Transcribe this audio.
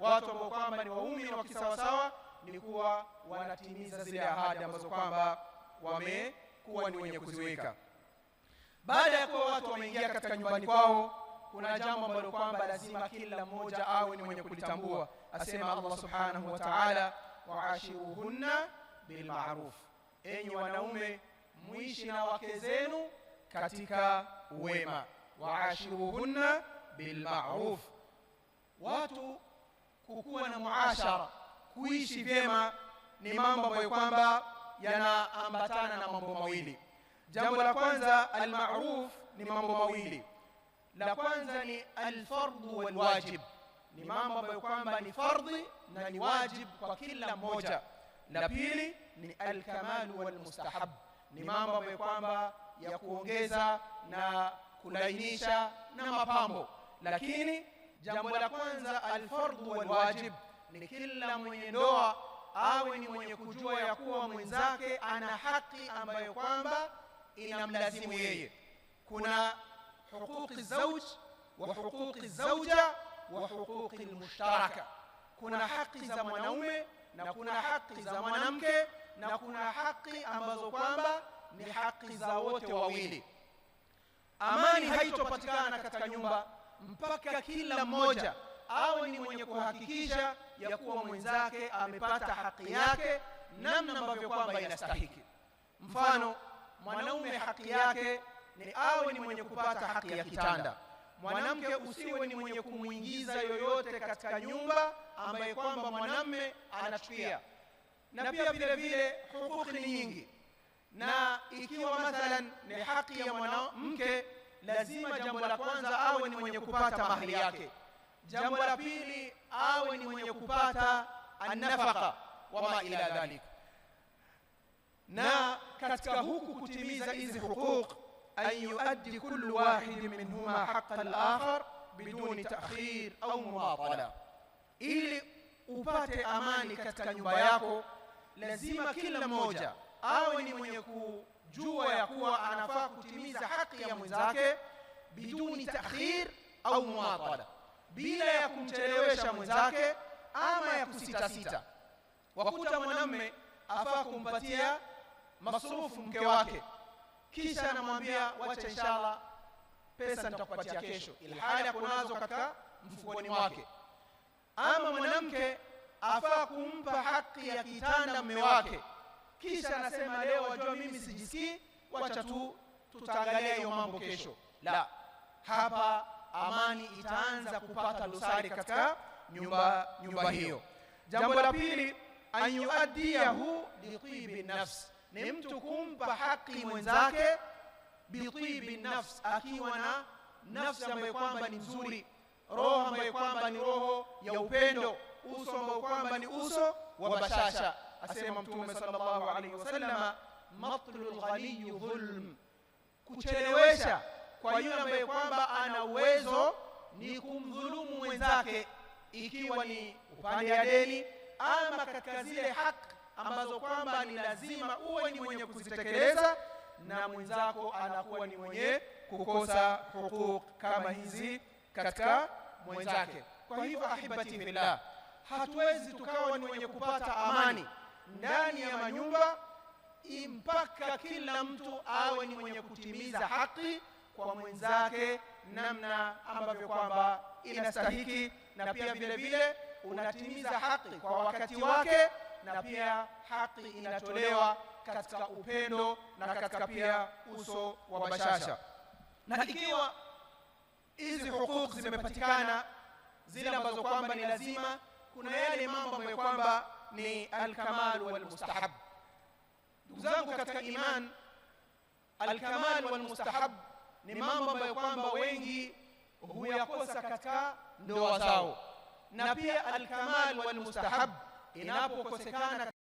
watu ambao kwamba ni waumini wa kisawasawa ni kuwa wanatimiza zile ahadi ambazo kwamba wamekuwa ni wenye kuziweka. Baada ya kuwa watu wameingia katika nyumbani kwao, kuna jambo ambalo kwamba lazima kila mmoja awe ni mwenye kulitambua. Asema Allah subhanahu wa ta'ala, waashiruhunna bilmaruf, enyi wanaume muishi na wake zenu katika wema. Waashiruhunna bilmaruf, watu kukuwa na muashara, kuishi vyema, ni mambo ambayo kwamba yanaambatana na mambo mawili. Jambo la kwanza almaruf ni mambo mawili, la kwanza ni alfardhu walwajib, ni mambo ambayo kwamba ni fardhi na ni wajib kwa kila mmoja. La pili ni alkamalu walmustahab, ni mambo ambayo kwamba ya kuongeza na kulainisha na mapambo, lakini Jambo la kwanza alfardhu walwajib, ni kila mwenye ndoa awe ni mwenye kujua ya kuwa mwenzake ana haki ambayo kwamba inamlazimu yeye. Kuna huquqi zauj wa huquqi zauja wa huquqi lmushtaraka, kuna haki za mwanaume na kuna haki za mwanamke na kuna haki ambazo kwamba ni haki za wote wawili. Amani haitopatikana katika nyumba mpaka kila mmoja awe ni mwenye kuhakikisha ya kuwa mwenzake amepata haki yake namna ambavyo kwamba inastahiki. Mfano, mwanaume haki yake ni awe ni mwenye kupata haki ya kitanda. Mwanamke usiwe ni mwenye kumwingiza yoyote katika nyumba ambaye kwamba mwanamme anachukia. Na pia vile vile hukuki ni nyingi, na ikiwa mathalan ni haki ya mwanamke lazima jambo la kwanza awe ni mwenye kupata mahali yake. Jambo la pili awe ni mwenye kupata annafaka wama ila dhalik. Na katika huku kutimiza hizi huquq, an yuaddi kullu wahidin minhuma haqa al-akhar biduni ta'khir au mumatala. Ili upate amani katika nyumba yako, lazima kila mmoja awe ni mwenye ku jua ya kuwa anafaa kutimiza haki ya mwenzake biduni takhir au muatala, bila ya kumchelewesha mwenzake ama ya kusitasita. Wakuta mwanamme afaa kumpatia masurufu mke wake, kisha anamwambia wacha, inshallah pesa nitakupatia kesho, ilhali kunazo katika mfukoni mwake. Ama mwanamke afaa kumpa haki ya kitanda mme wake kisha anasema leo wajua mimi sijisikii, wacha tu tutaangalia hiyo mambo kesho. La, hapa amani itaanza kupata dosari katika nyumba, nyumba hiyo. Jambo la pili, an bitibi nafs, ni mtu kumpa haki mwenzake bitibi nafs, akiwa na nafsi ambayo kwamba ni nzuri, roho ambayo kwamba ni roho ya upendo, uso ambao kwamba ni uso wa bashasha asema Mtume sallallahu alaihi wasallam, matlul ghaniyi dhulm, kuchelewesha kwa yule ambaye kwamba ana uwezo ni kumdhulumu mwenzake, ikiwa ni upande ya deni ama katika zile haki ambazo kwamba ni lazima uwe ni mwenye kuzitekeleza na mwenzako anakuwa ni mwenye kukosa huquq kama hizi katika mwenzake. Kwa hivyo, ahibati fillah, hatuwezi tukawa ni wenye kupata amani ndani ya manyumba mpaka kila mtu awe ni mwenye kutimiza haki kwa mwenzake namna ambavyo kwamba inastahiki, na pia vile vile unatimiza haki kwa wakati wake, na pia haki inatolewa katika upendo na katika pia uso wa bashasha. Na ikiwa hizi huquq zimepatikana zile ambazo kwamba ni lazima, kuna yale mambo ambayo kwamba ni alkamal walmustahab. Ndugu zangu katika iman, alkamal walmustahab ni mambo ambayo kwamba wengi huyakosa katika ndoa zao, na pia alkamal walmustahab inapokosekana